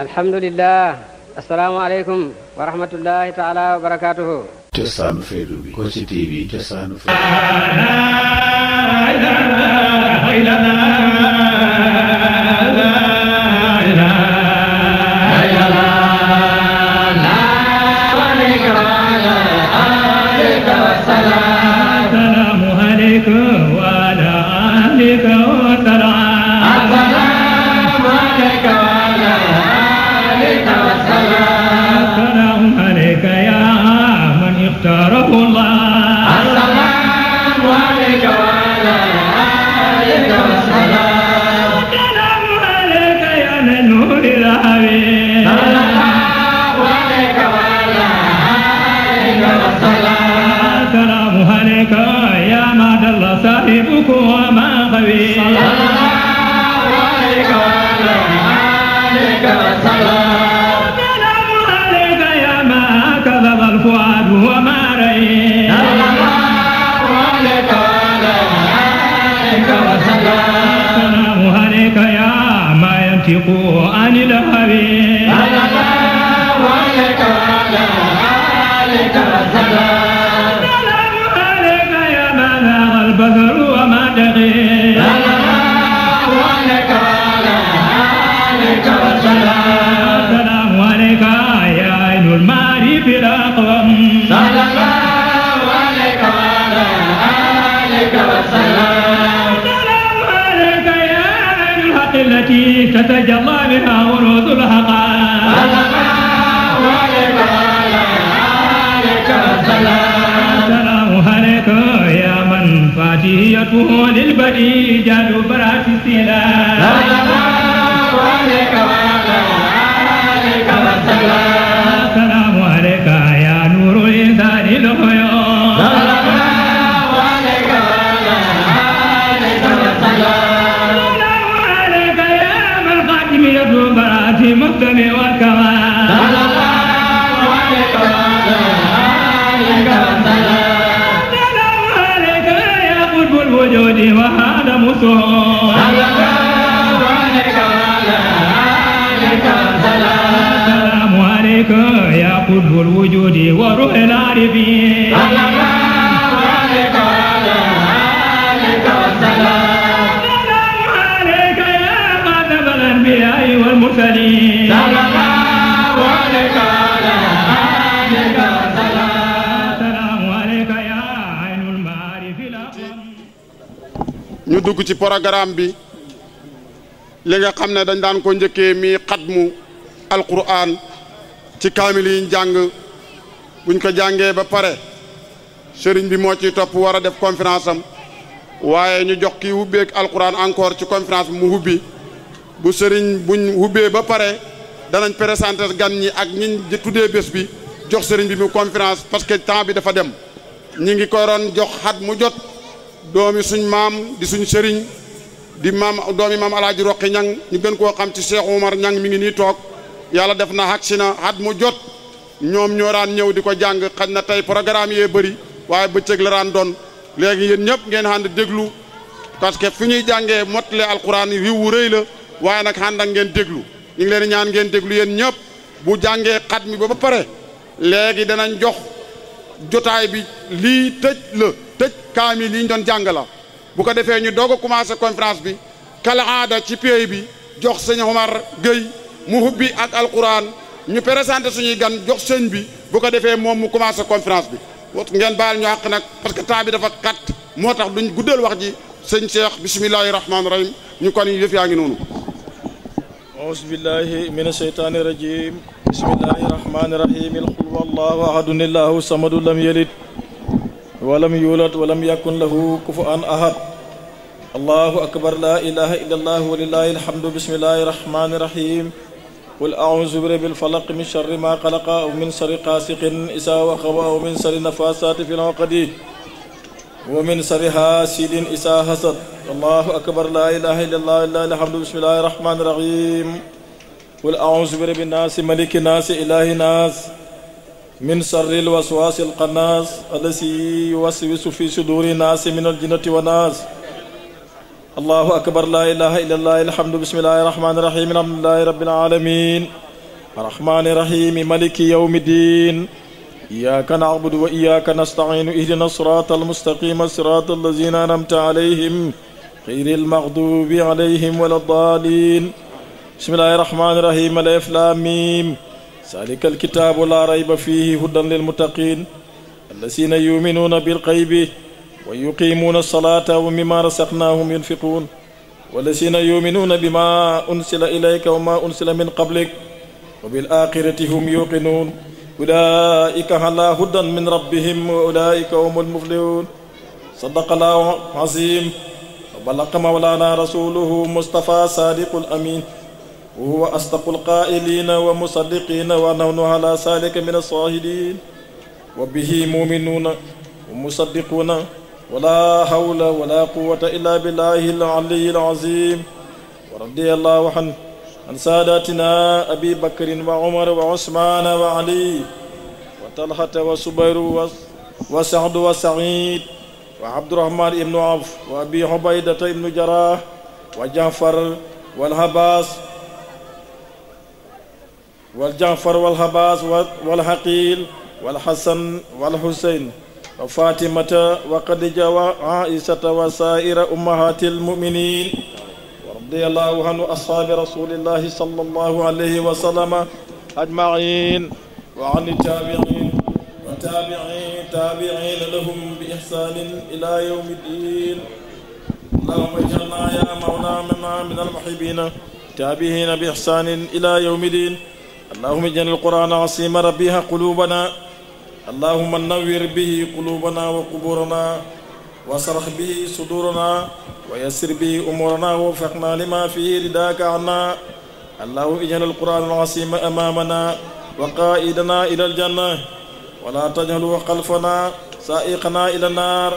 الحمد لله السلام عليكم ورحمة الله تعالى وبركاته جسان فيدو كوشي تي في جسان فيدو وأنفقوا عن الهوي لنا آلك السلام سلام عليك يا ملاغ البذر وما دغير dugg ci programme bi li nga xam ne dañ daan ko njëkkee mi xatmu alquran ci kaamil yiñ jàng buñ ko jàngee ba pare sëriñ bi moo ciy topp war a def conférence am waaye ñu jox kii hubbeeg alquran encore ci conférence mu hubbi bu sëriñ buñ hubbee ba pare danañ présenté gan ñi ak ñiñ tuddee bés bi jox sëriñ bi mu conférence parce que temps bi dafa dem ñi ngi ko doon jox xat mu jot doomi suñ maam di suñ sëriñ di maam doomi maam alaaji roqi ñang ñu gën koo xam ci Cheikh Oumar ñang mi ngi nii toog yàlla def na xag si na at mu jot ñoom ñoo daan ñëw di ko jàng xaj na tey programme yee bëri waaye bëccëg la don doon léegi yéen ñëpp ngeen ànd déglu parce que fi ñuy jàngee mottale alquran riw wu rëy la waaye nag ànd ak ngeen déglu ñu ngi leen ñaan ngeen déglu yéen ñëpp bu jàngee xat mi ba ba pare léegi danañ jox jotaay bi lii tëj la tëj kaamil yi ñu doon jàng la bu ko defee ñu doog a commencé conférence bi kala aada ci pey bi jox sëñ Omar Gueye mu hubbi ak al alquran ñu présenté suñu gan jox sëñ bi bu ko defee moom mu commencé conférence bi ngeen baal ñu àq nag parce que temps bi dafa kat moo tax duñ guddal wax ji sëñ Cheikh bisimillahi rahmaani rahim ñu kon ñu yëf yaa ngi noonu aousubillahi min a irajim bismillahi rahmaani rahim qul wallahu ahadun samadu lam ولم يولد ولم يكن له كفؤا أحد الله أكبر لا إله إلا الله ولله الحمد بسم الله الرحمن الرحيم قل أعوذ برب الفلق من شر ما خلق ومن شر قاسق إذا وقب ومن شر النفاسات في العقد ومن شر حاسد إذا حسد الله أكبر لا إله إلا الله ولله الحمد بسم الله الرحمن الرحيم قل أعوذ برب الناس ملك الناس إله الناس من شر الوسواس القناص الذي يوسوس في صدور الناس من الجنة والناس الله أكبر لا إله إلا الله الحمد بسم الله الرحمن الرحيم الحمد لله رب العالمين الرحمن الرحيم ملك يوم الدين إياك نعبد وإياك نستعين اهدنا الصراط المستقيم صراط الذين أنعمت عليهم غير المغضوب عليهم ولا الضالين بسم الله الرحمن الرحيم الأفلام ذلك الكتاب لا ريب فيه هدى للمتقين الذين يؤمنون بالغيب ويقيمون الصلاة ومما رزقناهم ينفقون والذين يؤمنون بما أنزل إليك وما أنزل من قبلك وبالآخرة هم يوقنون أولئك على هدى من ربهم وأولئك هم المفلحون صدق الله عظيم وبلغ مولانا رسوله مصطفى صادق الأمين وهو أصدق القائلين ومصدقين ونون على سالك من الصاهدين وبه مؤمنون ومصدقون ولا حول ولا قوة إلا بالله العلي العظيم ورضي الله عنه عن ساداتنا أبي بكر وعمر وعثمان وعلي وطلحة وسبير وسعد وسعيد وعبد الرحمن بن عوف وأبي عبيدة بن جراح وجعفر والهباس والجعفر والهباس والحقيل والحسن والحسين وفاطمة وخديجة وعائشة وسائر أمهات المؤمنين ورضي الله عن أصحاب رسول الله صلى الله عليه وسلم أجمعين وعن التابعين وتابعين تابعين لهم بإحسان إلى يوم الدين اللهم اجعلنا يا مولانا من المحبين تابعين بإحسان إلى يوم الدين اللهم اجعل القرآن عصيم ربيها قلوبنا اللهم نوّر به قلوبنا وقبورنا وصرح به صدورنا ويسر به أمورنا ووفقنا لما فيه رداك عنا اللهم اجعل القرآن العصيم أمامنا وقائدنا إلى الجنة ولا تجعله خلفنا سائقنا إلى النار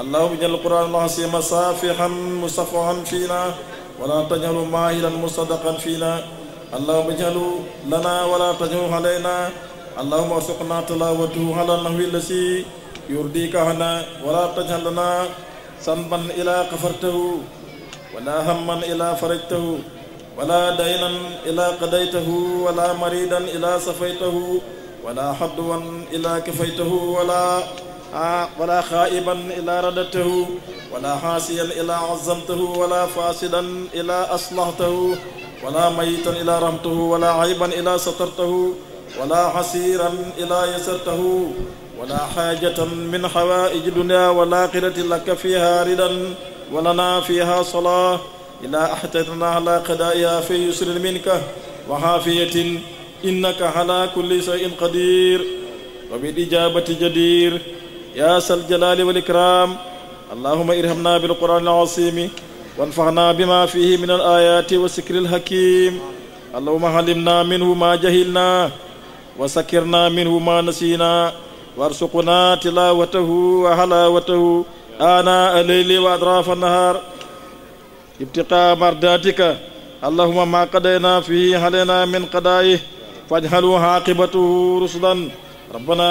اللهم اجعل القرآن العظيم صافحا مصفحا فينا ولا تجعله ماهلا مصدقا فينا اللهم اجعلوا لنا ولا تجعله علينا اللهم ارزقنا تلاوته على النبي الذي يرضيك عنا ولا تجعلنا سنبا الى كفرته ولا هما الى فرجته ولا دينا الى قضيته ولا مريدا الى صفيته ولا حدوا الى كفيته ولا ولا خائبا الى ردته ولا حاسيا الى عظمته ولا فاسدا الى أصلحته ولا ميتا إلا رمته ولا عيبا إلا سترته ولا حسيرا إلا يسرته ولا حاجة من حوائج الدنيا ولا والآخرة لك فيها ردا ولنا فيها صلاة إلا أحتتنا على قدائها في يسر منك وعافية إنك على كل شيء قدير وبالإجابة جدير يا سل الجلال والإكرام اللهم ارحمنا بالقرآن العظيم وانفعنا بما فيه من الآيات والسكر الحكيم اللهم علمنا منه ما جهلنا وسكرنا منه ما نسينا وارزقنا تلاوته وحلاوته آناء الليل وأطراف النهار ابتقاء مرداتك اللهم ما قدينا فيه علينا من قدائه فاجعله عاقبته رسلا ربنا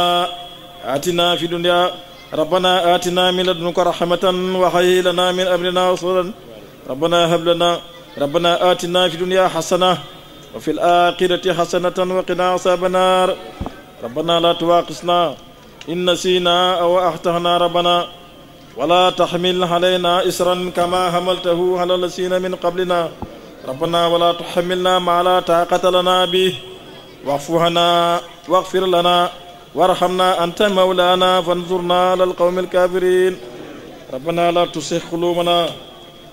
آتنا في الدنيا ربنا آتنا من لدنك رحمة وهيئ لنا من أمرنا وصولا ربنا هب لنا ربنا آتنا في الدنيا حسنة وفي الآخرة حسنة وقنا عذاب النار ربنا لا تواقصنا إن نسينا أو أخطأنا ربنا ولا تحمل علينا إسرا كما حملته على الذين من قبلنا ربنا ولا تحملنا ما لا طاقة لنا به واعف عنا واغفر لنا وارحمنا أنت مولانا فانظرنا على القوم الكافرين ربنا لا تسخ قلوبنا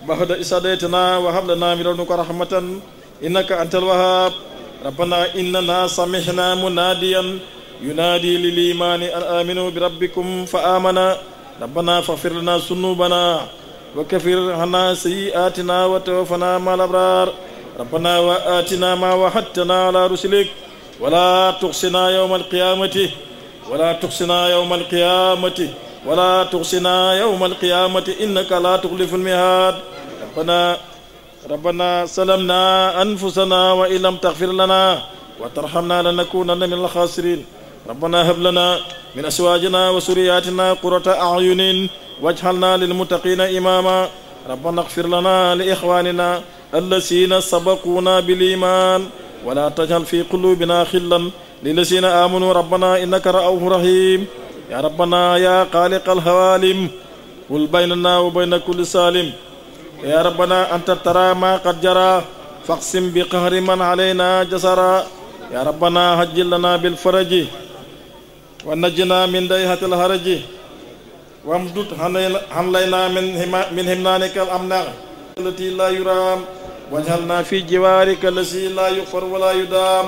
بعد إذ هديتنا وهب لنا من لدنك رحمة إنك أنت الوهاب ربنا إننا سمعنا مناديا ينادي للإيمان أن آمنوا بربكم فآمنا ربنا فاغفر لنا ذنوبنا وكفر عنا سيئاتنا وتوفنا مع الأبرار ربنا وآتنا ما وعدتنا على رسلك ولا تخزنا يوم القيامة ولا تخزنا يوم القيامة ولا تخزنا يوم القيامة إنك لا تخلف الميعاد ربنا ربنا سلمنا أنفسنا وإن لم تغفر لنا وترحمنا لنكونن من الخاسرين ربنا هب لنا من أسواجنا وسرياتنا قرة أعين واجعلنا للمتقين إماما ربنا اغفر لنا لإخواننا الذين سبقونا بالإيمان ولا تجعل في قلوبنا خلا للذين آمنوا ربنا إنك رؤوف رحيم يا ربنا يا خالق الهوالم قل بيننا وبين كل سالم يا ربنا أنت ترى ما قد جرى فاقسم بقهر من علينا جسرا يا ربنا هجل لنا بالفرج ونجنا من ديهة الهرج وامدد حملينا من من همنانك الأمنع التي لا يرام واجعلنا في جوارك الذي لا يغفر ولا يدام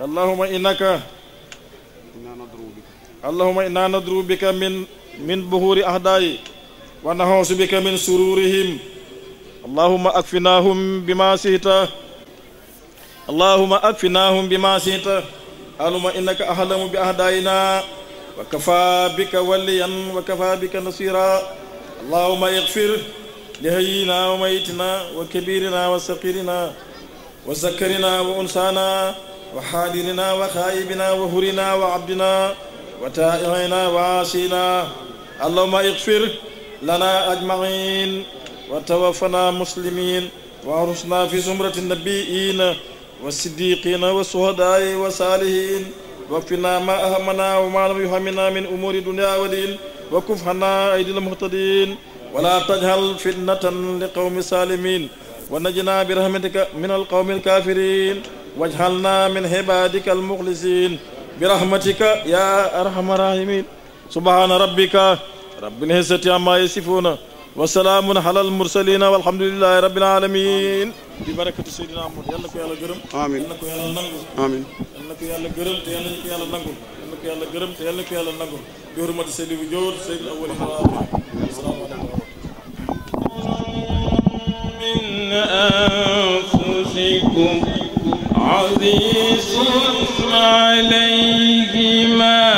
اللهم إنك اللهم إنا ندرو بك من من بهور أهدائي ونعوذ بك من سرورهم اللهم أكفناهم بما سيت اللهم أكفناهم بما سيت اللهم إنك أعلم بأعدائنا وكفى بك وليا وكفى بك نصيرا اللهم اغفر لهينا وميتنا وكبيرنا وصغيرنا وذكرنا وأنسانا وحاضرنا وخائبنا وهرنا وعبدنا وتائهنا وعاصينا اللهم اغفر لنا أجمعين وتوفنا مسلمين وأرسنا في زمرة النبيين والصديقين والشهداء والصالحين وفينا ما أهمنا وما لم يهمنا من أمور الدنيا والدين وكفنا أيدي المهتدين ولا تجهل فتنة لقوم سالمين ونجنا برحمتك من القوم الكافرين واجعلنا من عبادك المخلصين برحمتك يا أرحم الراحمين سبحان ربك رب العزة عما يصفون وسلام على المرسلين والحمد لله رب العالمين ببركة سيدنا محمد يلا كي يلا غرم آمين يلا كي يلا نعم آمين يلا كي يلا غرم يلا كي يلا نعم يلا كي يلا غرم يلا كي يلا نانغو بحرمة سيدي وجور سيد الأول من أنفسكم عزيز عليه ما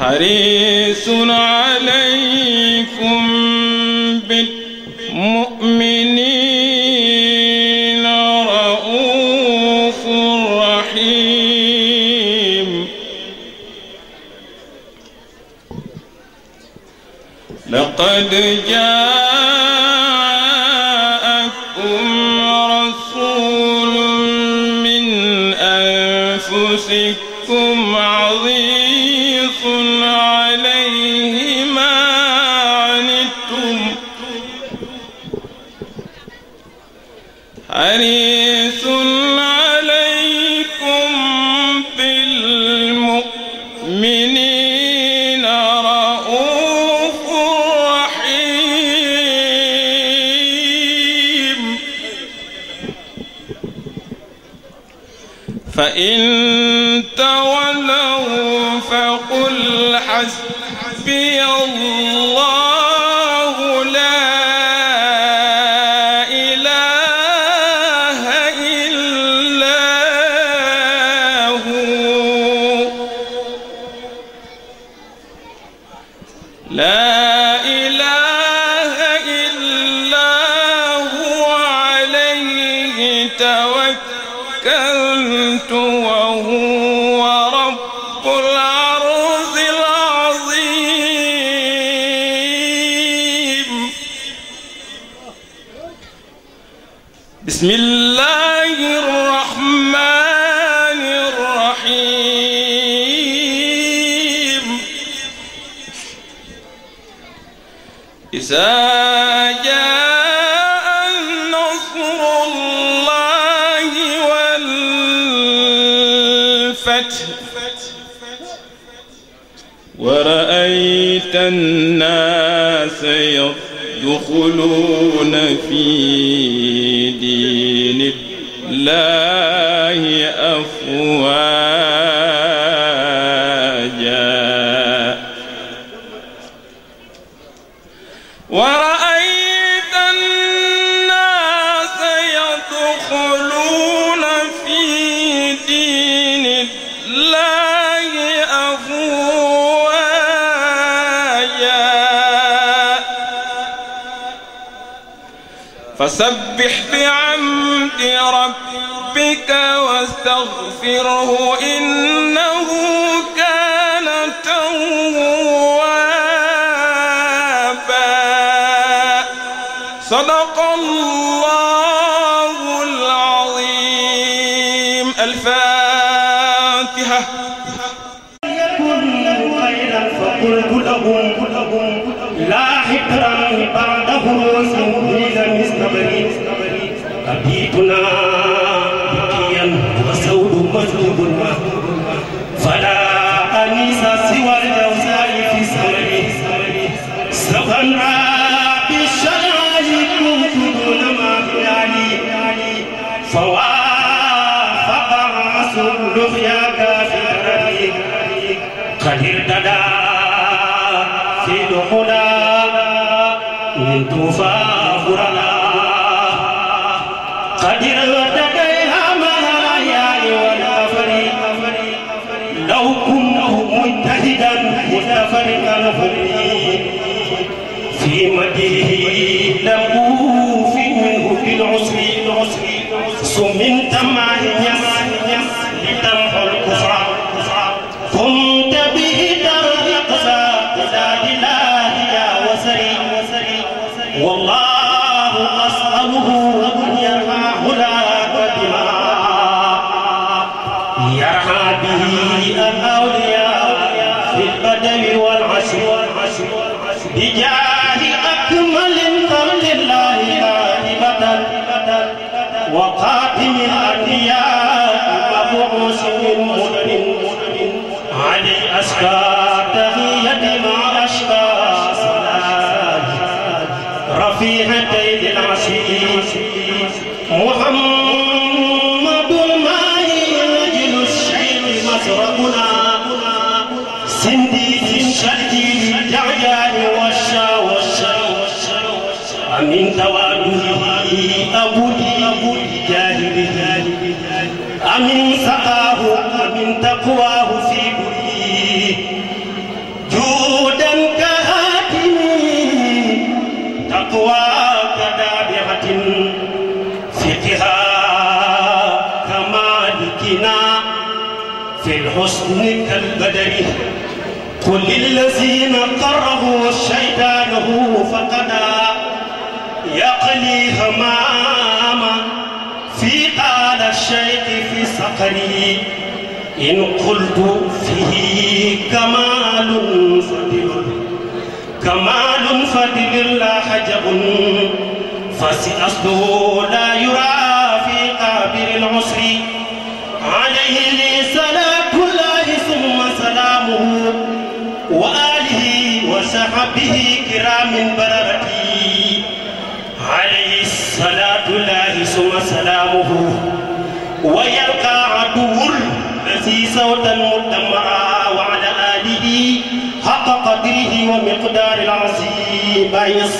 حريص عليه رأيت الناس يدخلون في دين الله أفواه فسبح بعمد ربك واستغفره إنه حبيبنا بكيا وسود مسلوبنا فلا أنيس سوى الجوزاء في سرمي سبحان فوافق الرسول قد ارتدى في من طوفان أبو أبو جاهل أمن سقاه أمن تقواه في بلي جودا كهاتمي تقوى كدابعة فقها كمالكنا في الحسن كالبدر كل الذين قره الشيطان هو فقدا صقني هماما في قال الشيخ في صقني إن قلت فيه كمال فضل كمال فضل لا حجب فسأصله لا يرى في قابل العسر عليه صلاة الله ثم سلامه وآله وصحبه كرام بررة صلاة الله سوى سلامه ويلقى عدو الذي صوتا مدمعا وعلى آله حق قدره ومقدار العظيم بايس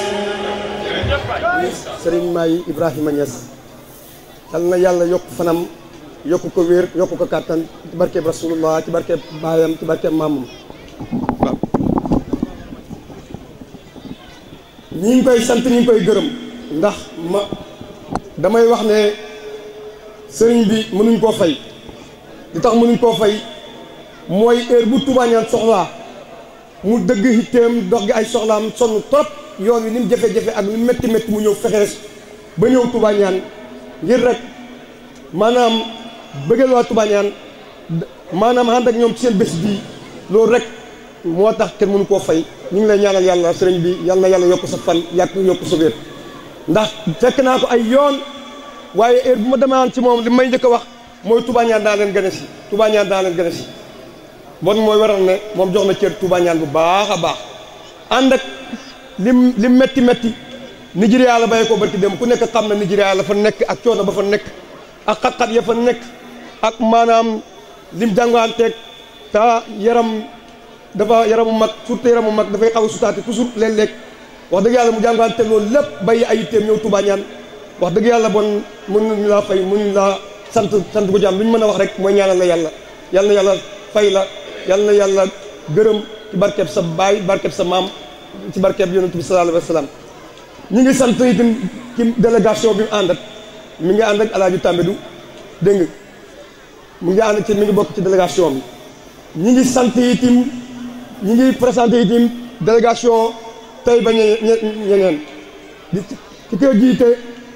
sëriñ Maay Ibrahima Niass yal na yàlla yokk fanam yokk ko wér yokk ko kàttan ci barkeb rasulullah ci barkeb baayam ci barkeb maamam ñi ngi koy sant ñi ngi koy gërëm ndax ma damay wax ne sëriñ bi mënuñ koo fay li tax mënuñ koo fay mooy heure bu Touba Niane soxlaa mu dëgg hitteem dox gi ay soxlaam sonn trop yoon wi ni mu jafe-jafe ak lu métti métti mu ñëw fexees ba ñëw Touba Niane ngir rek maanaam bëggal waa Touba Niane maanaam ànd ak ñoom ci seen bés bii loolu rek moo tax mënu koo fay ñu ngi lay ñaanal yàlla sëriñ bi yàlla na yàlla sa fan yàgg yokk sa wér ndax fekk naa ko ay yoon waaye heure bu ma demaan ci moom li may njëkk a wax mooy Touba Niane daa leen si Touba Niane daa leen bon mooy waral ne moom jox na cër Touba bu baax a baax ànd ak lim lim metti metti Nigéria la bàyyi ko barki dem ku nekk xam na Nigéria la fa nekk ak coono ba fa nekk ak xat-xat ya fa nekk ak maanaam lim jàngaanteeg ta yaram dafa yaramu mag surtout yaramu mag dafay xaw a sutaati toujours lekk léeg wax dëgg yàlla mu jàngaan te loolu lépp bay ay yitteem ñëw Touba ñaan wax dëgg yàlla bon ñu laa fay mënuñu laa sant sant gu jàmm lu ñu mën a wax rek mooy ñaanal la yàlla yàlla yàlla fay la yàlla na yàlla gërëm ci barkeb sa baay barkeb sa maam ci barkeb yonent bi sallallahu alayhi wa sallam ñu ngi sant itam ci délégation bi mu ànd ak ngi ànd ak El Hadj Tambédou dégg nga mu ngi ànd ci mi ngi bokk ci délégation bi ñu ngi sant itam ñu ngi présenté itam délégation. tay ba ñeneen ki ko jité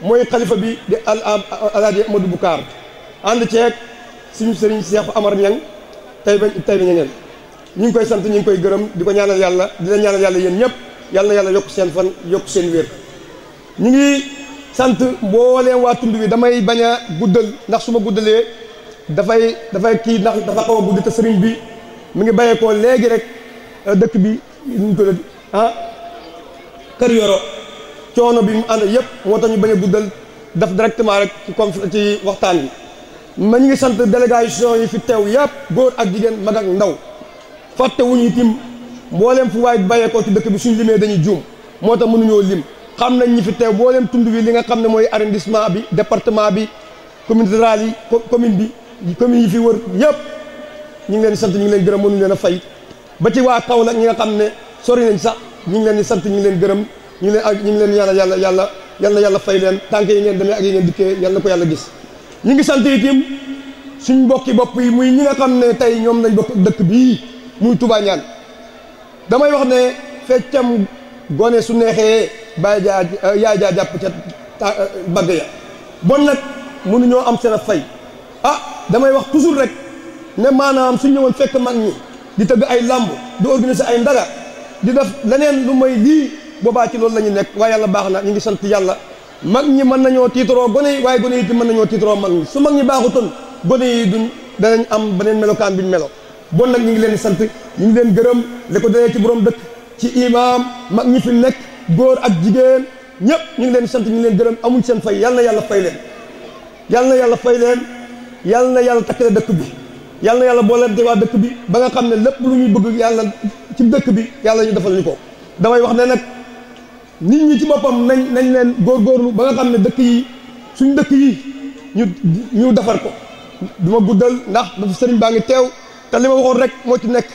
moy khalifa bi di al aladi Amadou bukar and ci ak suñu serigne Cheikh Amar ñang tay ba tay ba ñeneen ñing koy sant ñing koy gërëm diko ñaanal yalla di la ñaanal yalla yeen ñep yalla yalla yok seen fan yok seen wër ñi ngi sant mbooleem wa tundu bi damay baña guddal ndax suma su da fay da fay ki ndax dafa xaw a guddi te serigne bi mi ngi ko léegi rek dëkk bi ñu ko ah kër yoro coono bi mu ànd yëpp moo tax ñu bañ a guddal def directement rek ci conf ci waxtaan bi ma ñu ngi sant délégation yi fi teew yëpp góor ak jigéen mag ak ndaw fàtte wuñu tim mbooleem fu waay bàyyeekoo ci dëkk bi suñu limee dañuy juum moo tax mënuñoo lim xam nañ ñi fi teew mbooleem tund wi li nga xam ne mooy arrondissement bi département bi commune rurale yi commune bi commune yi fi wër yëpp ñu ngi leen sant ñu ngi leen gërëm mënuñu leen a fay ba ñu ngi leen di sant ñu leen gërëm ñu ngi leen ak ñu ngi leen ñaanal yàlla yàlla yàlla yàlla fay leen tànk yi ngeen demee ak yi ngeen dikkee yàlla ko yàlla gis ñu ngi sant itam suñ mbokki bopp yi muy ñi nga xam ne tey ñoom nañ bokk dëkk bii muy Touba Niane damay wax ne feccam gone su neexee baay jaa yaay jaa jàpp ca bagg ya bon nag mënuñoo am seen a fay ah damay wax toujours rek ne maanaam su ñëwoon fekk mag ñi di tëgg ay làmb di organiser ay ndaga di def leneen lu may lii boobaa ci loolu la ñu nekk waaye yàlla baax na ñu ngi sant yàlla mag ñi mën nañoo tiitaroo gone yi waaye gone yi itam mën nañoo tiitaroo mag ñi su mag ñi baaxutoon gone yi duñ danañ am beneen melokaan biñ melo bon nag ñu ngi leen sant ñu ngi leen gërëm li ko dalee ci borom dëkk ci imaam mag ñi fi nekk góor ak jigéen ñëpp ñu ngi leen sant ñu leen gërëm amuñ seen fay yal yàlla fay leen yal na yàlla fay leen yal na yàlla takkale dëkk bi yal na yàlla boolante waa dëkk bi ba nga xam ne lépp lu ñuy bëgg yàlla ci dëkk bi yàlla ñu defal lañu ko damay wax ne nag nit ñi ci boppam nañ nañ leen góorgóorlu ba nga xam ne dëkk yi suñ dëkk yi ñu ñu ko du ma guddal ndax dafa sëriñ baa ngi teew te li ma waxoon rek moo ci nekk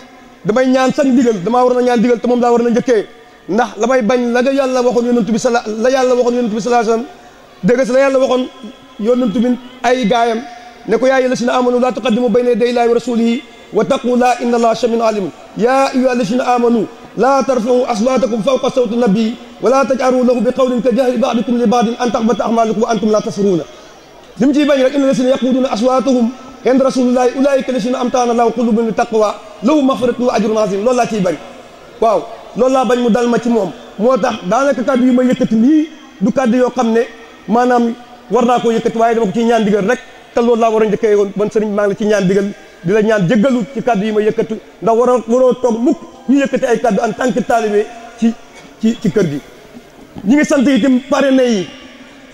damay ñaan sax ndigal damaa war na ñaan ndigal te moom laa war na njëkkee ndax la may bañ la nga yàlla waxoon yonent bi sala la yàlla waxoon yonent bi salaa sallam dégg si la yàlla waxoon yonent bi ay gaayam ne ko yaay la si na amanu laa tuqaddimu bayna yaday laahi wa واتقوا لا إن الله شم عالم يا أيها الذين آمنوا لا ترفعوا أصواتكم فوق صوت النبي ولا تجعلوا له بقول كجهل بعضكم لبعض أن تحبط أعمالكم وأنتم لا تشعرون نمجي تجي بين إن الذين يقودون أصواتهم عند رسول الله أولئك الذين أمتعنا الله قلوبهم بالتقوى لهم مغفرة وأجر عظيم لولا تي ciy واو لولا loolu laa bañ تي موم موتاخ ci moom moo tax daanaka kàddu yi ma yëkkati nii du kàddu yoo xam ne maanaam war naa koo yëkkati waaye dama ko ci ñaan سيرن rek te loolu laa war di la ñaan jéggalu ci kàddu yi ma yëkkatu ndax waroo waroo toog mukk ñu yëkkati ay kàddu en tant que taalibe ci ci ci kër gi ñu ngi sant itam parrainé yi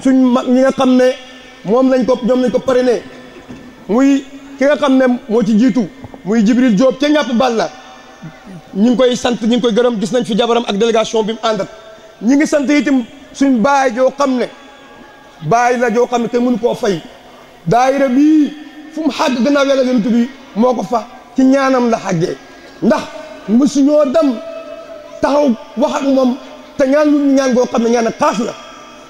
suñ mag ñi nga xam ne moom lañ ko ñoom lañ ko parrainé muy ki nga xam ne moo ci jiitu muy Jibril Diop ca ñàpp bal la ñu ngi koy sant ñu ngi koy gërëm gis nañ fi jabaram ak délégation bi mu àndat ñi ngi sant itam suñ baay joo xam ne baay la joo xam ne kenn mënu koo fay daayira bii Fum hadd xàgg gannaaw yàlla yonent bi moo fa ci ñaanam la xàggee ndax musu ñoo dem taxaw wax ak mom te ñaan lu ñaan go xamne ñaan xaas la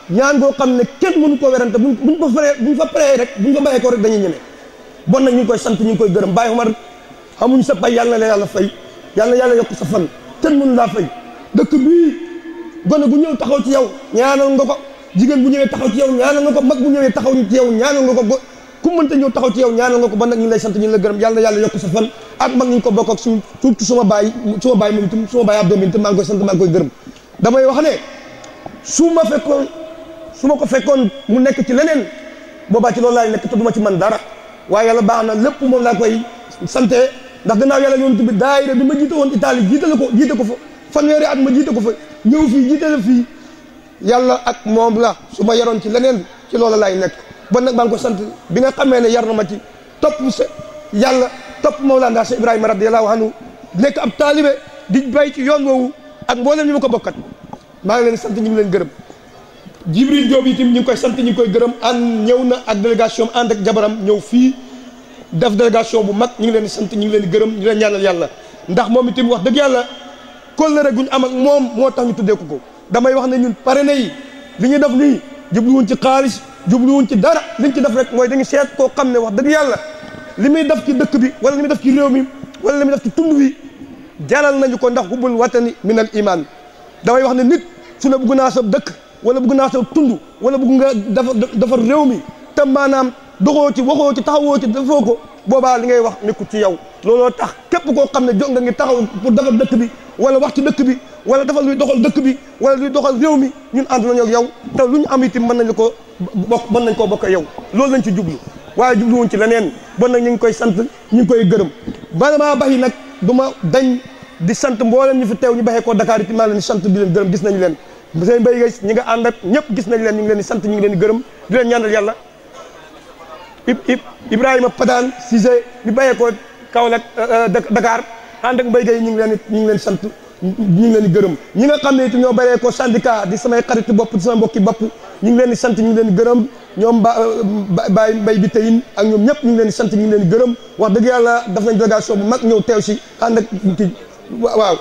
ñaan go xamne kenn mënu ko wérante buñ ko féré buñ fa préé rek buñ ko bàyyee ko rek dañuy ñeme bon nak ñu koy sant ñu koy gërëm Baye umar amuñ sa bay yalla la yalla fay yalla yalla yok sa fan kenn mënu la fay dekk bi gone bu ñëw taxaw ci yow ñaanal nga ko jigen bu ñëwé taxaw ci yow ñaanal nga ko mag bu ñëwé taxaw ci yow ñaanal nga ko ku mënta ñëw taxaw ci yow ñaanal nga ko ba nag ñu lay sant ñu la gërëm yàlla na yàlla yokk sa fan ak mag ñu ko bokk ak suñu surtout suma baay suma baay moom itam suma baay Abdou Mbine maa ngi koy sant maa ngi koy gërëm damay wax ne su ma fekkoon su ma ko fekkoon mu nekk ci leneen boobaa ci loolu laay nekk te duma ci man dara waaye yàlla baax na lépp moom laa koy sante ndax gannaaw yàlla yonent bi daayira bi ma jiite woon Italie jiite la ko jiite ko fa fanweeri at ma jiite ko fa ñëw fii jiite la fii yàlla ak moom la su ma yaroon ci leneen ci loola laay nekk bon nag maa ko sant bi nga xamee ne yar na ma ci topp sa yàlla topp Mawlana Cheikh Ibrahima radiyallahu anhu nekk ab taalibe di bay ci yoon woowu ak mboolem ñu mu ko bokkat maa ngi leen sant ñu ngi leen gërëm Jibril Diop itam ñu koy sant ñu koy gërëm ànd ñëw na ak délégation ànd ak jabaram ñëw fii def délégation bu mag ñu ngi leen sant ñu ngi leen gërëm ñu leen ñaanal yàlla ndax moom itam wax dëgg yàlla kóllëre guñ am ak moom moo tax ñu tuddee ko ko damay wax ne ñun parrainé yi li ñuy def nii jubluwuñ ci xaalis jubluwuñ ci dara liñ ci def rek mooy dañu seet koo xam ne wax dëgg yàlla li muy def ci dëkk bi wala li muy def ci réew mi wala li muy def ci tund wi jaral nañu ko ndax hubbul watani min al iman damay wax ne nit su ne bëgg naa dëkk wala bëgg naa sa tund wala bëgg nga dafa defar mi te maanaam doxoo ci waxoo ci taxawoo ci defoo ko boobaa li ngay wax nekku ci yow looloo tax képp koo xam ne jóg nga ngi taxaw pour defar dëkk bi wala wax ci dëkk bi wala defal luy doxal dëkk bi wala luy doxal réew mi ñun ànd nañu ak yow te lu ñu am itam mën nañu ko bokk mën nañ koo bokk yow loolu lañ ci jublu waaye jublu wuñ ci leneen bon nag ñu ngi koy sant ñu koy gërëm bala maa baxi nag du ma dañ di sant mboolem ñu fi teew ñu baxee koo Dakar it maa leen sant di leen gërëm gis nañ leen seen mbéy gis ñi nga ànd ak ñëpp gis nañ leen ñu ngi leen di sant ñu ngi leen di gërëm di leen ñaanal yàlla Ibrahima Padaan Cissé mi bàyyee koo Kaolack euh, euh, Dakar ànd ak mbéy gay ñu ngi leen ñu ngi leen sant ñu ngi leen gërëm ñi nga xam ne it ñoo bàyyee koo syndicat di samay xarit bopp di sama mbokki bopp ñu ngi leen di sant ñu leen di gërëm ñoom ba bay bay bi tayin ak ñoom ñëpp ñu leen di sant ñu ngi leen di gërëm wax dëgg yàlla daf nañ délégation bu mag ñëw teew si ànd ak waaw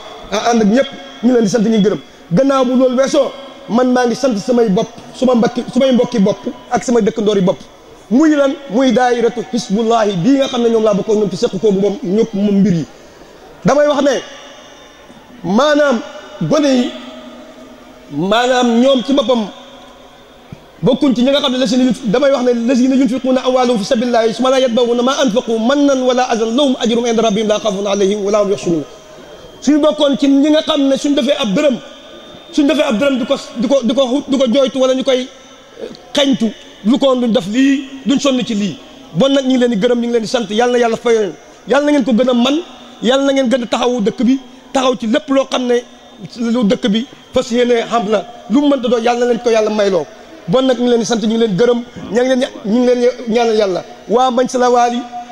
ànd ñëpp ñu leen di sant ñu gërëm gannaaw bu loolu weesoo man maa ngi sant samay bopp su ma mbokki su may mbokki bopp ak samay dëkkandoor yi bopp muy lan muy daayiratu hisbullahi bii nga xam ne ñoom laa bokk ñoom ci seq koobu moom ñëpp moom mbir yi damay wax ne maanaam gone yi maanaam ñoom ci boppam bokkuñ ci ñi nga xam ne la si ne damay wax ne lazina yunfiquuna amwaalahum fi sabilillahi summa laa yatba'uuna maa anfaqu mannan wala azan lahum ajrum inda rabbihim laa xawfun alayhim wala hum yaxsunuun suñu bokkoon ci ñi nga xam ne suñ defee ab dërëm suñ defee ab dërëm di ko di ko di ko di ko jooytu wala ñu koy xeñtu lu koon duñ def lii duñ sonn ci lii bon nag ñu ngi leen di gërëm ñu ngi leen di sant yàlla na yàlla fayoon yàlla na ngeen ko gën a man yàlla na ngeen gën a taxawu dëkk bi taxaw ci lépp loo xam ne lu dëkk bi fas yéene xam la lu mu mënta doon yàlla na leen ko yàlla mayloo bon nak ñu leen sant ñu leen gërëm ñang leen ñu leen ñaanal yàlla wa bañ sa la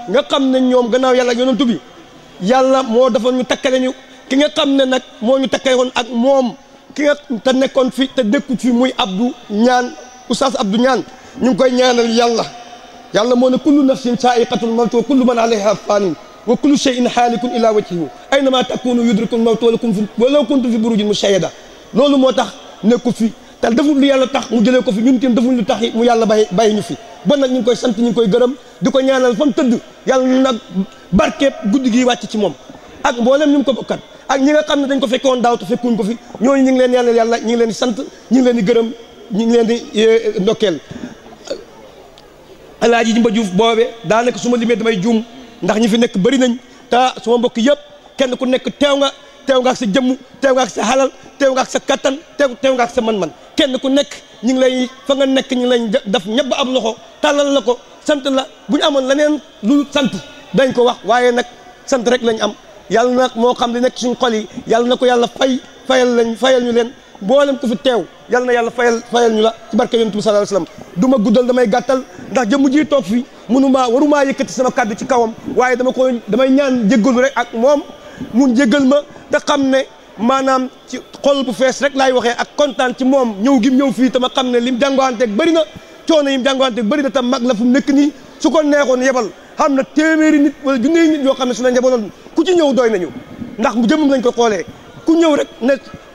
nga xam ne ñoom gannaaw yàlla ñoom tubi yàlla mo dafa ñu takkale ñu ki nga xam ne nak mo ñu takkay won ak mom ki nga ta nekkon fi te dëkkut fi muy Abdou ñaan oustaz Abdou ñaan ñu koy ñaanal yàlla yàlla mo ne kullu nafsin sa'iqatul mawt wa kullu man alayha fani wa kullu shay'in halikun ila wajhihi aynama takunu yudrikul mawt walaw kuntum fi burujin mushayyada lolu motax tax fi te defuñ lu yàlla tax mu jëlee ko fi ñun tim defuñ lu tax mu yàlla bay bàyyi ñu fi bon nag ñu ngi koy sant ñu ngi koy gërëm di ko ñaanal fam tëdd yàlla ñu nag barkeb guddi gi wàcc ci moom ak mboolem ñu ngi ko bokkat ak ñi nga xam ne dañ ko fekke woon daaw te fekkuñ ko fi ñooñu ñu ngi leen ñaanal yàlla ñu leen sant ñu ngi leen gërëm ñu ngi leen di eh, ndokkeel alaaji Jimba Diouf boobe daanaka su ma limee damay juum ndax ñi fi nekk bëri nañ te suma mbokk yëpp kenn ku nekk teew nga teew nga ak sa jëmm teew nga ak sa xalal teew nga ak sa kattan teew teew nga ak sa man-man kenn ku nekk ñu ngi lay fa nga nekk ñu ngi lay def ñëpp am loxo tàllal la ko sant la bu ñu amoon leneen lu sant dañ ko wax waaye nag sant rek lañ am yàlla nag moo xam li nekk suñu xol yi yàlla na ko yàlla fay fayal lañ fayal ñu leen mboolem ko fi teew yàlla na yàlla fayal fayal ñu la ci barke yonent bi sallallahu duma wasallam guddal damay gàttal ndax jëmm ji toog fi maa warumaa yëkkati sama kàddu ci kawam waaye dama ko damay ñaan jéggalu rek ak moom mu jéggal ma te xam ne maanaam ci xol bu fees rek laay waxee ak kontaan ci moom ñëw gim ñëw fii tama xam ne lim jàngowanteeg bëri na coono yim jàngowanteeg bëri na tam mag la fu mu nekk nii su ko neexoon yebal xam na téeméeri nit wala junniy nit yoo xam ne su la njaboonoon ku ci ñëw doy nañu ndax jëmum lañ ko xoolee ku ñëw rek ne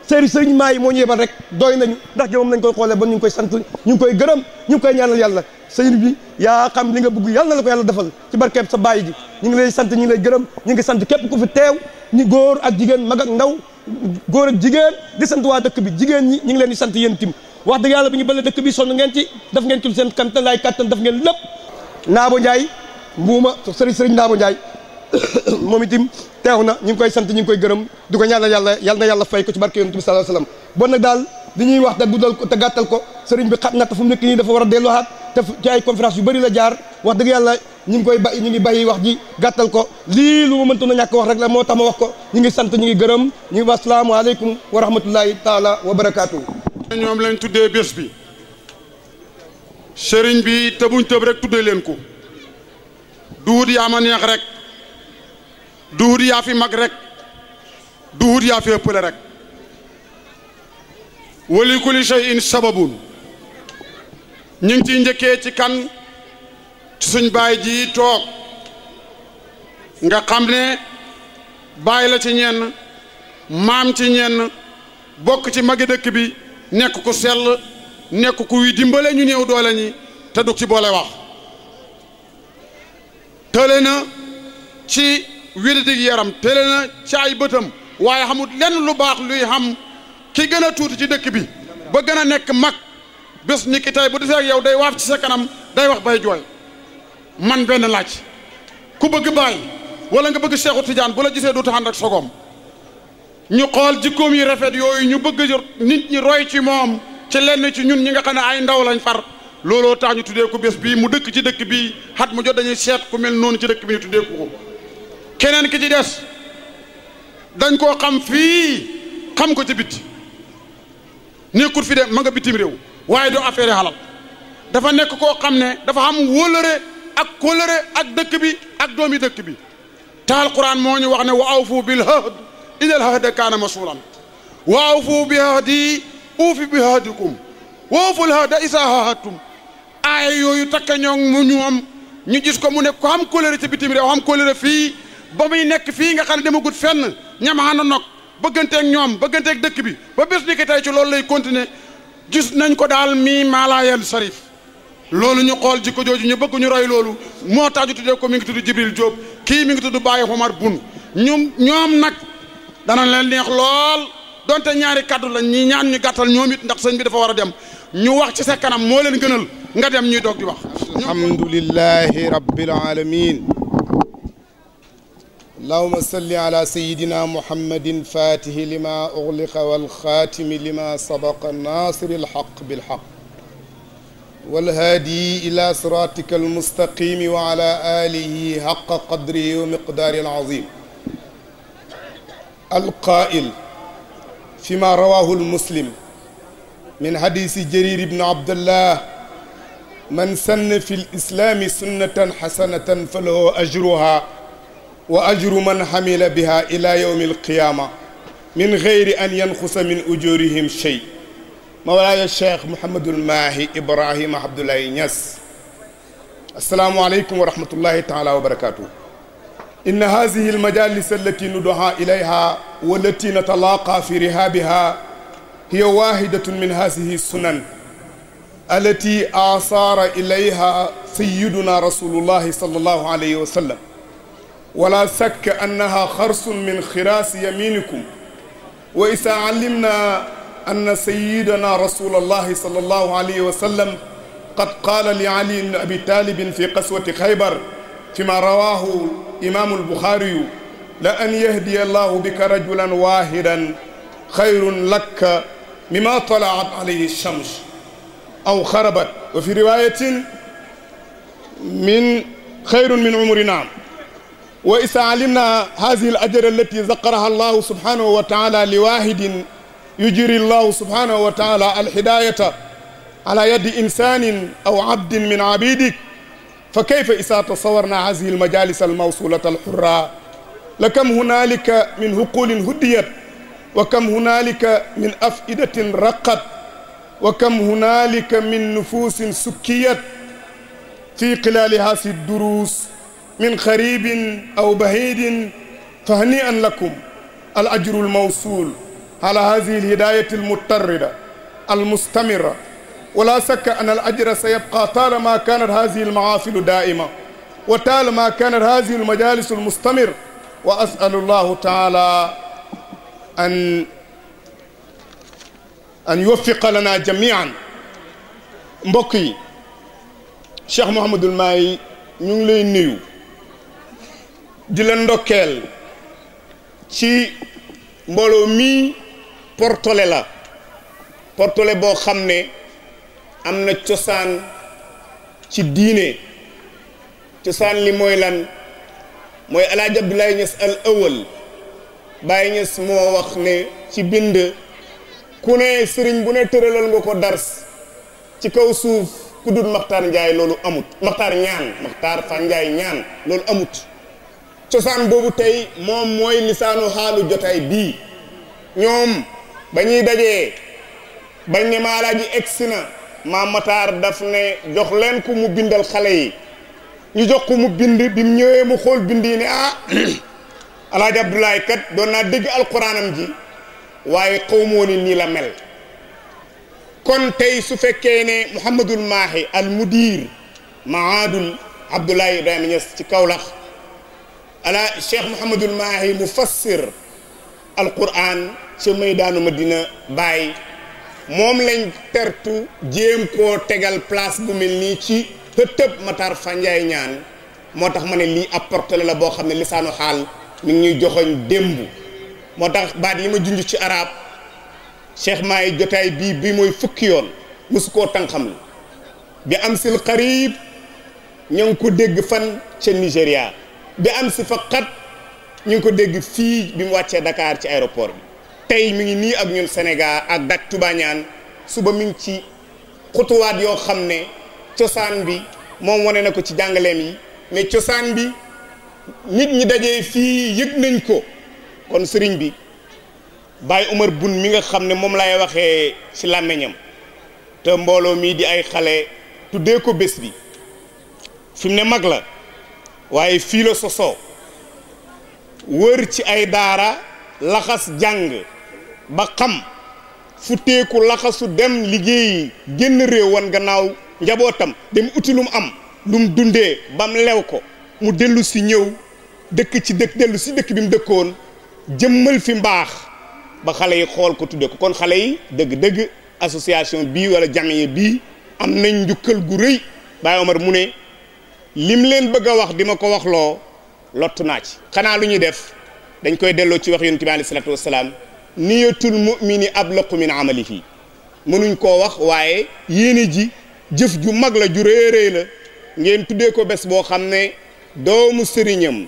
sëriñ sëriñ maa yi moo ñu yebal rek doy nañu ndax jëmum lañ koy xoolee ba ñu koy sant ñu koy gërëm ñu koy ñaanal yàlla sëriñ bi yaa xam ni nga bëgg yàlla la ko yàlla defal ci barkeeb sa bàyyi ji ñu ngi lay sant ñu lay gërëm ñu ngi sant képp ku fi teew ñi góor ak jigéen mag ak ndaw góor ak jigéen di sant waa dëkk bi jigéen ñi ñu ngi leen di sant yéen tim wax dëgg yàlla bi ñu bale dëkk bi sonn ngeen ci daf ngeen ci seen kam lay kàttan daf ngeen lépp Naabo Ndiaye mbuuma sëriñ sëriñ Naabo Ndiaye moom itim teew na ñu ngi koy sant ñu koy gërëm du ko ñaanal yàlla yàlla na yàlla fay ko ci barke yonent bi sallallahu alayhi wasallam bon nag daal li ñuy wax te ko te gàttal ko sëriñ bi xat na te fu mu nii dafa war a delluwaat te ci ay conférence yu bëri la jaar wax dëgg yàlla ñu ngi koy ba ñu ngi bàyyi wax ji gàttal ko lii lu ma mëntoon na ñàkk wax rek la moo tax ma wax ko ñu ngi sant ñu ngi gërëm ñu ngi asalaamaaleykum wa rahmatullahi taala wa barakaatu. ñoom lañu tuddee bés bi sëriñ bi tëbuñ tëb rek tuddee leen ko duut yaa ma neex rek duut yaa fi mag rek duut yaa fi ëppale rek wali kulli shay'in sababun ñu ngi ciy njëkkee ci kan ci suñ baay ji toog nga xam ne baay la ci ñenn maam ci ñenn bokk ci mag dëkk bi nekk ku sell nekk ku wi dimbale ñu néew doole ñi te du ci boole wax tële na ci wér yaram tële na ci bëtam waaye xamul lenn lu baax luy xam ki gën a tuuti ci dëkk bi ba gën a nekk mag bés ni ki tey bu desee ak yow day waaf ci sa kanam day wax bay jooy man benn laaj ku bëgg bàyyi wala nga bëgg Seexu Tijaan bu la gisee du taxan ak sogoom ñu xool jikkoom yi rafet yooyu ñu bëgg nit ñi roy ci moom ci lenn ci ñun ñi nga xam ne ay ndaw lañ far looloo tax ñu tuddee ko bés bii mu dëkk ci dëkk bii xat mu jot dañuy seet ku mel noonu ci dëkk bi ñu tuddee ko keneen ki ci des dañ koo xam fii xam ko ci biti nekkul fi de ma nga bitim réew waye du affaire halal dafa nek ko xamne dafa am wólëre ak kólëre ak dëkk bi ak domi dëkk bi ta alquran mo ñu wax ne wa awfu bil ila idal hadd kana masulan wa awfu bi hahdi uufi bi hahdikum wa al hadd isa hahadtum aaya yooyu takka ñoom mu ñu am ñu gis ko mu nek ko am kólëre ci bitim rew am kólëre fi ba muy nek fi nga xamne demagut fenn nok xana ak ñom ñoom ak dëkk bi ba bés ni ki tay ci loolu lay continuer gis nañ ko daal mii maalaayeen sarif loolu ñu xool jikko jooju ñu bëgg ñu roy loolu moo tax tuddee ko mi ngi tudd Jibril jóob kii mi ngi tudd Baye Omar Bun ñum ñoom nag dana leen neex lool donte ñaari kaddu la ñi ñaan ñu gàttal ñoom it ndax sëñ bi dafa war a dem ñu wax ci sa kanam moo leen gënal nga dem ñuy doog di wax alhamdulillahi rabbil alamin اللهم صل على سيدنا محمد فاته لما أغلق والخاتم لما سبق الناصر الحق بالحق والهادي إلى صراطك المستقيم وعلى آله حق قدره ومقدار العظيم القائل فيما رواه المسلم من حديث جرير بن عبد الله من سن في الإسلام سنة حسنة فله أجرها وأجر من حمل بها إلى يوم القيامة من غير أن ينقص من أجورهم شيء مولاي الشيخ محمد الماهي إبراهيم عبد الله نياس السلام عليكم ورحمة الله تعالى وبركاته إن هذه المجالس التي ندعى إليها والتي نتلاقى في رهابها هي واحدة من هذه السنن التي آثار إليها سيدنا رسول الله صلى الله عليه وسلم ولا شك أنها خرس من خراس يمينكم وإذا علمنا أن سيدنا رسول الله صلى الله عليه وسلم قد قال لعلي بن أبي طالب في قسوة خيبر فيما رواه إمام البخاري لأن يهدي الله بك رجلا واحدا خير لك مما طلعت عليه الشمس أو خربت وفي رواية من خير من عمر نعم وإذا علمنا هذه الأجر التي ذكرها الله سبحانه وتعالى لواحد يجري الله سبحانه وتعالى الهداية على يد إنسان أو عبد من عبيدك فكيف إذا تصورنا هذه المجالس الموصولة الحرة لكم هنالك من هقول هديت وكم هنالك من أفئدة رقت وكم هنالك من نفوس سكيت في خلال هذه الدروس من قريب أو بعيد فهنيئا لكم الأجر الموصول على هذه الهداية المضطردة المستمرة ولا شك أن الأجر سيبقى طالما كانت هذه المعافل دائمة وطالما كانت هذه المجالس المستمر وأسأل الله تعالى أن أن يوفق لنا جميعا مبكي شيخ محمد الماي نيو di la ndokkeel ci mbooloo mi portole la portole boo xam ne am na cosaan ci diine cosaan li mooy lan mooy alaaj Abdoulaye Niass al awal Baye Niass moo wax ne ci bind ku ne sëriñ bu ne tëralal nga ko dars ci kaw suuf ku dul Maxtaar Njaay loolu amut Maxtaar ñaan Maxtaar fan Njaay ñaan loolu amut cosaan boobu tey moom mooy lisaanu xaalu jotaay bii ñoom ba ñuy dajee bañ ne maalaaji egsi na maam Matar daf ne jox leen ko mu bindal xale yi ñu jox ko mu bind bi mu ñëwee mu xool bind yi ne ah alaaji Abdoulaye kat doon naa dégg alquranam ji waaye xawmoo ni nii la mel kon tey su fekkee ne Mouhamadul Mahi al mudir maadul Abdoulaye Ibrahima Niass ci Kaolack ala cheikh mouhamadul maahi mufassir alquran ca maydaanu madina bàyyi moom lañ tertu jéem koo tegal place bu mel nii ci tëtëb matar fanjaay ñaan moo tax ma ne lii apporté la boo xam ne lisaanu xaal mi ngi ñuy joxoñ démb moo tax baat yi ma junj ci arab cheikh maayi jotaay bii bi mooy fukki yoon ko koo lu bi am sil xarib ña ngi ko dégg fan ca Nigéria bi am si faqat ñu ngi ko dégg fii bi mu wàccee dakaar ci aéroport bi tey mu ngi nii ak ñun Sénégal ak dak Touba suba mi ci xutuwaat yoo xam ne cosaan bi moom wane na ko ci jàngaleem yi mais cosaan bi nit ñi dajee fii yëg nañ ko kon sëriñ bi Baye Umar Bun mi nga xam ne moom lay waxee ci làmmiñam te mbooloo mii di ay xale tuddee ko bés bi fi ne mag la waaye fii la sosoo wër ci ay daara laxas jàng ba xam fu laxasu dem liggéeyi génn réew wan gannaaw njabootam dem uti lu mu am lu mu dundee bam lew ko mu dellu si ñëw dëkk ci dëkk dellu si dëkk bi mu dëkkoon jëmmal fi mbaax ba xale yi xool ko tudde ko kon xale yi dëgg-dëgg association bii wala jamiye bii am nañ njukkal gu rëy Baye Omar mu ne lim leen bëgg a wax di ma ko waxloo lott naa ci xanaa lu ñuy def dañ koy delloo ci wax yonent bi alayhi salaatu wasalaam niyatul mu'mini ablaqu min amalihi mënuñ koo wax waaye yéene ji jëf ju mag la ju rëy rëy la ngeen tuddee ko bes boo xam ne doomu sëriñam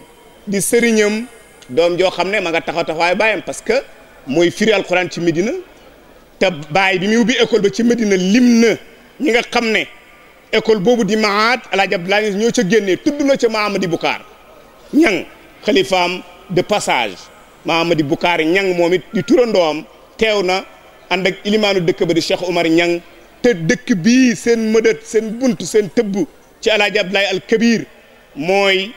di sëriñam doom joo xam ne ma nga taxaw waaye bàyyam parce que mooy firi alquran ci Medina te baay bi mu ubbi école ba ci Medina lim na ñi nga xam ne école boobu di Maat El Hadj Abdoulaye ñoo ca génnee tudd na ca Mahamadi Bukaar ñang xalifaam de passage Mahamadi Bukaar ñang moom it di turandoom teew na ànd ak ilimaanu dëkk ba di Cheikh Omar ñang te dëkk bii seen mëdët seen bunt seen tëbb ci El Hadj Abdoulaye al mooy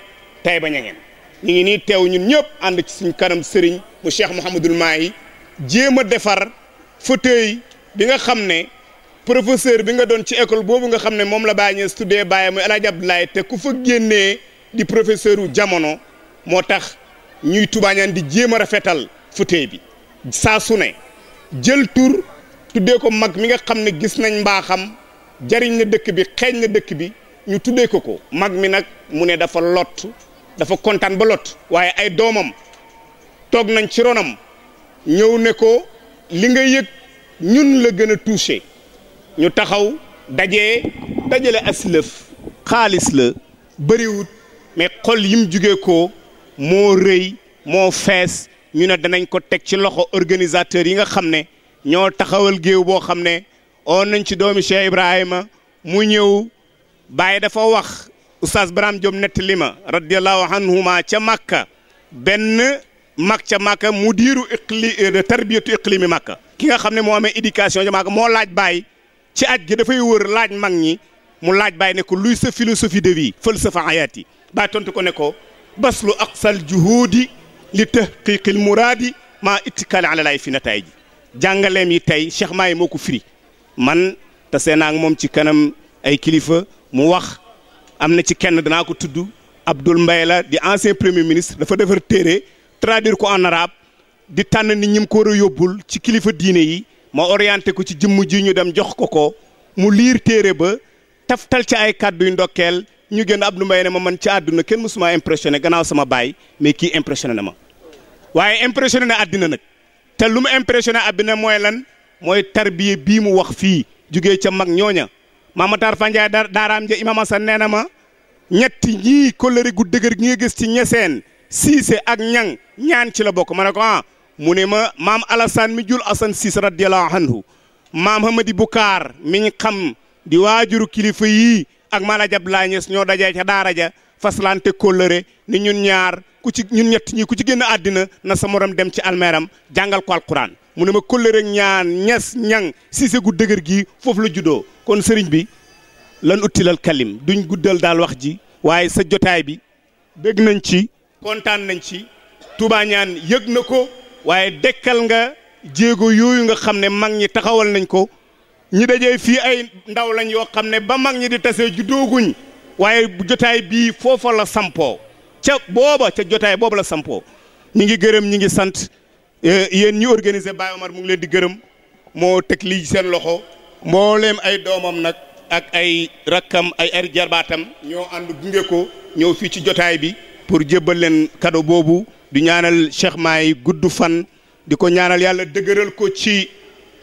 Taïba Niangène ñu ngi ni teew ñun ñëpp ànd ci suñ kanam sëriñ mu Cheikh Mouhamadul Mahi jéem a defar fauteuil bi nga xam ne. professeur bi nga doon ci école boobu nga xam ne moom la Baye Niass tuddee Baye muy El Hadj Abdoulaye te ku fa génnee di professeur wu jamono moo tax ñuy tubaañaan di jéem a rafetal futee bi saa su ne jël tur tuddee ko mag mi nga xam ne gis nañ mbaaxam jariñ na dëkk bi xeeñ na dëkk bi ñu tuddee ko ko mag mi nag mu ne dafa lot dafa kontaan ba lot waaye ay doomam toog nañ ci ronam ñëw ne ko li nga yëg ñun la gën a touché ñu taxaw daje dajale aslëf xaalis la bëriwut mais xol yim jugee ko moo rëy moo fees ñu ne danañ ko teg ci loxo organisateurs yi nga xam ne ñoo taxawal géew boo xam ne oo nañ ci doomi Cheikh Ibrahima mu ñëw Baye dafa wax oustaz Braham Diop nettali ma radiallahu anhuma ca Makka benn mag ca Makka mu diiru iqli euh, tarbiyatu mi Makka ki nga xam ne moo amee éducation ca Makka moo laaj Baye ci aj gi dafay wër laaj mag ñi mu laaj bàyyi ne ko luy sa philosophie de vie falsafa hayaati bàyyi tontu ko ne ko baslu aqsal juhuudi li tahqiqil muraadi maa ittikaali ala laay fi nataay ji jàngaleem yi tey Cheikh yi moo ko firi man tase naa ak moom ci kanam ay kilifa mu wax am na ci kenn danaa ko tudd Abdoul Mbaye la di ancien premier ministre dafa defar téere traduire ko en arabe di tànn nit ñi mu ko a yóbbul ci kilifa diine yi ma orienté ko ci jëm ji ñu dem jox ko ko mu lire téré ba taftal ci ay kàddu yu ndokkel ñu gën Abdou Mbaye ma man ci aduna kenn musuma impressioné gannaaw sama bay, mais ki impressioné na ma waye impressioné na adina nak té lu mu impressioné abina moy lan moy tarbiyé bi mu wax fi jugé ci mag mama tar fanjaay daaraam je imam asan néna ma ñetti ko leeri gu deugër gi nga gis ci ñeseen cissé ak ñang ñaan ci la bokk mané ko ah mu ne ma maam Alassane mi jur Assane Cissé radiyallahu anhu maam Hamadi Bukaar mi ñu xam di waajuru kilifa yii ak Maladji Abdoulaye Niass ñoo dajee ca daara ja faslante kóllëre ni ñun ñaar ku ci ñun ñett ñi ku ci génn àddina na sa dem ci almeeram jàngal ko alquran mu ne ma kóllëre ñaan ñes ñang Cissé gu dëgër gi foofu la juddoo kon sëriñ bi lan uttilal kalim duñ guddal daal wax ji waaye sa jotaay bi dégg nañ ci kontaan nañ ci Touba ñaan yëg na ko waaye dekkal nga jéego yooyu nga xam ne mag ñi taxawal nañ ko ñi dajee fii ay ndaw lañ yoo xam ne ba mag ñi di tasee juddooguñ waaye jotaay bii foofa la sampoo ca booba ca jotaay booba la sampoo ñi ngi gërëm ñi ngi sant eh, yéen ñi organiser Baye mar mu ngi leen di gërëm moo teg lii seen loxo mbooleem ay doomam nag ak ay rakkam ay ar jarbaatam ñoo ànd gunge ko ñëw fii ci jotaay bi pour jébbal leen cadeau boobu du ñaanal Cheikh yi gudd fan di ko ñaanal yàlla dëgëral ko ci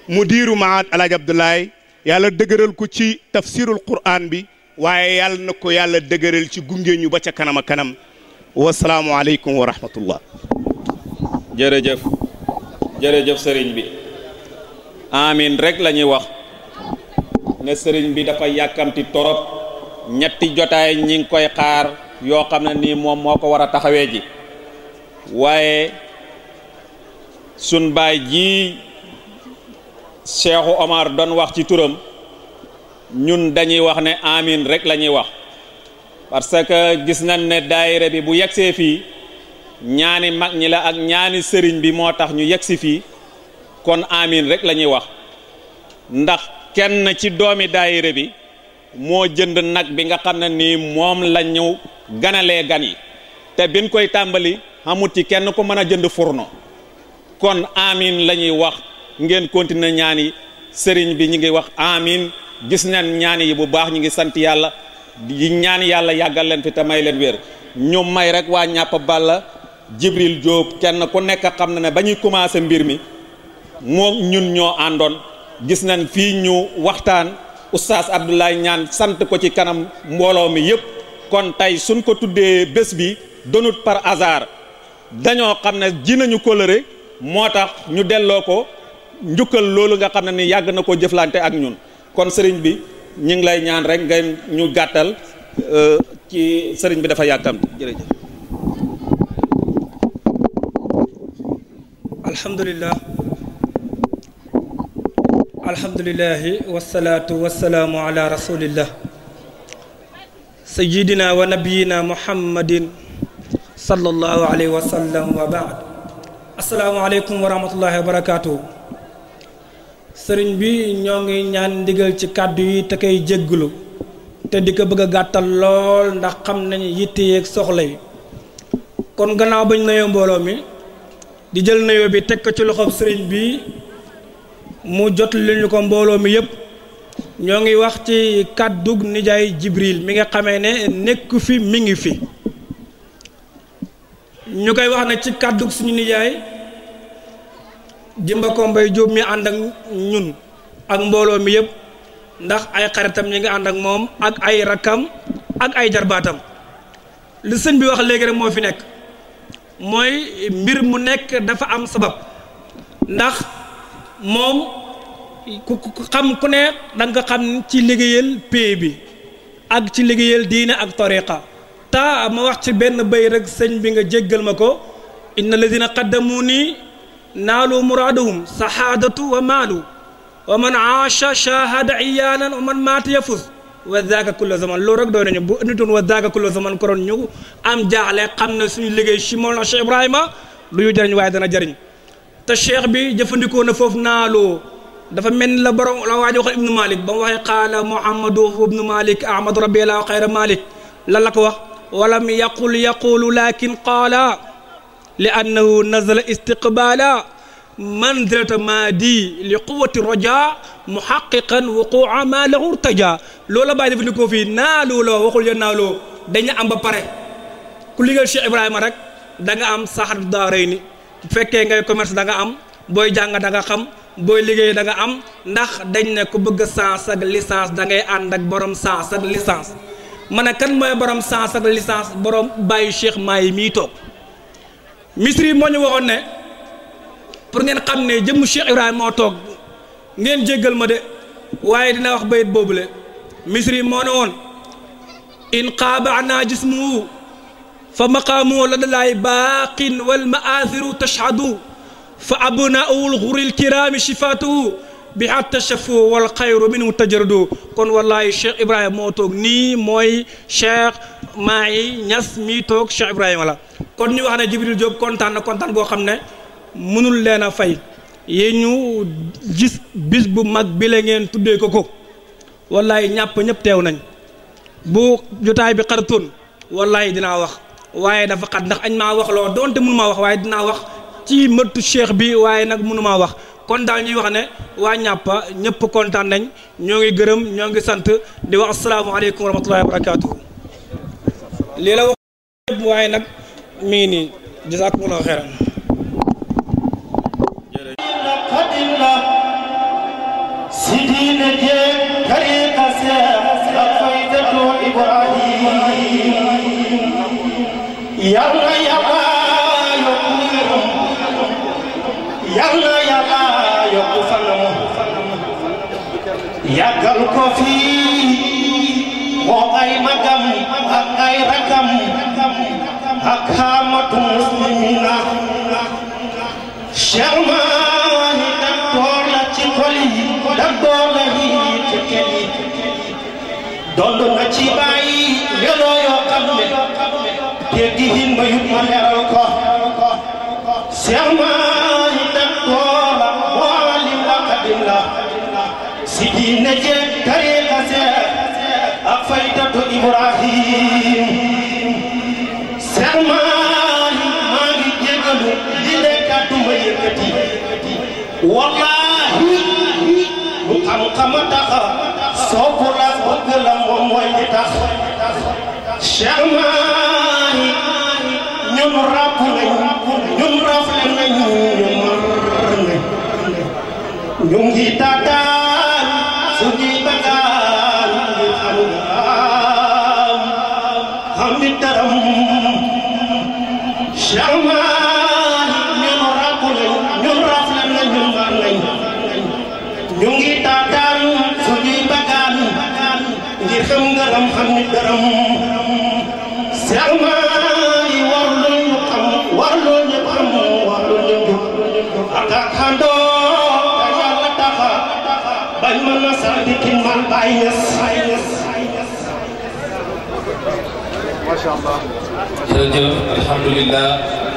mudiiru maat Alaaji Abdoulaye yàlla dëgëral ko ci tafsirul Qur'an bi waaye yàlla na ko yàlla dëgëral ci gunge ñu ba ca kanam a kanam wasalaamu aleykum wa rahmatullah jërëjëf sëriñ bi amin rek la ñuy wax ne sëriñ bi dafa yàkkamti torop ñetti jotaay ñi ngi koy xaar yoo xam ne nii moom moo ko war a taxawee ji waaye sun baay ji Cheikhu Omar doon wax ci turam ñun dañuy wax ne amin rek la ñuy wax parce que gis nañ ne daayira bi bu yegsee fii ñaani mag ñi la ak ñaani sëriñ bi moo tax ñu yegsi fii kon amin rek la ñuy wax ndax kenn ci doomi daayira bi moo jënd nag bi nga xam ne nii moom la ñu ganalee gan yi te biñ koy tàmbali amut ci kenn ku mën a jënd fourneau kon amin la ñuy wax ngeen continuer ñaan yi sëriñ bi ñu ngi wax amin gis nañ ñaan yi bu baax ñu ngi sant yàlla yi ñaan yàlla yàggal leen fi te may leen wér ñu may rek waa ñàpp balla Jibril Diop kenn ku nekk xam na ne ba ñuy commencé mbir mi moo ñun ñoo àndoon gis nañ fii ñu waxtaan oustaz Abdoulaye ñaan sant ko ci kanam mbooloo mi yépp kon tey suñ ko tuddee bés bi donut par hasard dañoo xam ne ji nañu kóllëre moo tax ñu delloo ko njukkal loolu nga xam ne ni yàgg na koo jëflante ak ñun kon sëriñ bi ñu ngi lay ñaan rek nga ñu gàttal euh, ci sëriñ bi dafa yàkkamti jërëjëf. alhamdulilah alhamdulilahi wasalaatu wasalaamu ala rasulillah sayidina wa nabiyina muhammadin sallallahu alaihi wasallam wa ba'd assalamu alaikum wa rahmatullahi wa barakatuh serigne bi ñongi ñaan ndigal ci kaddu yi te kay te bëgg gattal lool ndax xam nañ yitté soxla kon gannaaw bañ nayoo mbolo mi di jël nayoo bi tek ko ci loxob serigne bi mu jot li ko mbolo mi yépp ñongi wax ci kaddu nijaay jibril mi nga xamé né nekk fi mi ngi fi ñu koy wax ne ci kàddu suñu nijaay jëmba ko mbay jóob mi ànd ak ñun ak mbooloo mi yëpp ndax ay xaritam ñu ngi ànd ak moom ak ay rakkam ak ay jarbaatam lu sëñ bi wax léegi rek moo fi nekk mooy mbir mu nekk dafa am sabab ndax moom ku xam ku ne danga ko xam ci liggéeyal pay bi ak ci liggéeyal diine ak tariqa ta ma wax ci ben bay rek sëñ bi nga jéggal mako inna alladhina qaddamuni nalu muraduhum sahadatu wa malu wa man aasha shahada iyanan wa man maata yafuz wa zaaka kullu zaman lo rek do nañu bu nitoon wa zaaka kullu zaman koroon ñu am jaxlé xamna suñu liggéey ci moom Cheikh Ibrahima du yu jarign way dana jarign te cheikh bi jëfëndiko na foofu naaloo dafa mel la borom la waji waxe ibnu malik bam waxe qala muhammadu ibnu malik ahmad rabbi la khayra malik lan la ko wax ولم يقل يقول لكن قال لأنه نزل استقبالا منزلة ما دي لقوة الرجاء محققا وقوع ما له ارتجى لولا بعد في نكوفي نالو لو وقل ينالو دنيا أم بباري كل يقول شيء إبراهيم رك دنيا أم سحر داريني فكين غير كوميرس دنيا أم boy jang da nga xam boy liggey da nga am ndax dañ ne ku bëgg sans ak licence ma ne kan mooy borom sens ak licence borom bàyyi Cheikh Mahi mii toog misri moo ñu waxoon ne pour ngeen xam ne jëmm Cheikh Ibrahima moo toog ngeen jéggal ma de waaye dina wax bayit boobule misri moo ne woon in qaaba ana jismuhu fa maqaamu la dalaay baaqin wal maathiru tashhadu fa abnaa'u lxuril kiraami shifaatuhu bi attachafu wal xayru minhu tajaradu kon wallahi Cheikh Ibrahima moo toog nii mooy Cheikh Mahi Niass mii toog Cheikh Ibrahima la kon ñu wax na Jibril Diop kontaan na boo xam ne mënul leen a fay yéen ñu gis bis bu mag bi ngeen tuddee ko ko wallahi ñàpp ñëpp teew nañ bu jotaay bi xaratoon wallahi dinaa wax waaye dafa xat ndax añ maa wax loo doonte mënu maa wax waaye dinaa wax ci mëttu cheikh bi waaye nag mënu wax kon daal ñuy wax ne waa ñàppa ñëpp kontaan nañ ñoo ngi gërëm ñoo ngi sant di wax asalaamaaleykum wa rahmatullahi wa barakaatuhu lii la wax nag mi ngi nii jasakumullahu xeeran dondu nga ci bàyyi ngelaw yoo xam ne géej gi hin ba yut ma leeral ko seex ma yi teg koola boola lim la xadim la si diine jeeg tariqa seex ak faydatu Ibrahim yëkkati wallaahi lu xam a tax sopp la bëgg la moom mooy li tax Cheikh Mahi ñun ràpp nañ ñun rafle nañ ñu ngi tataal su ki man Baay Ñas macha Allah jërëjëf alhamdulillah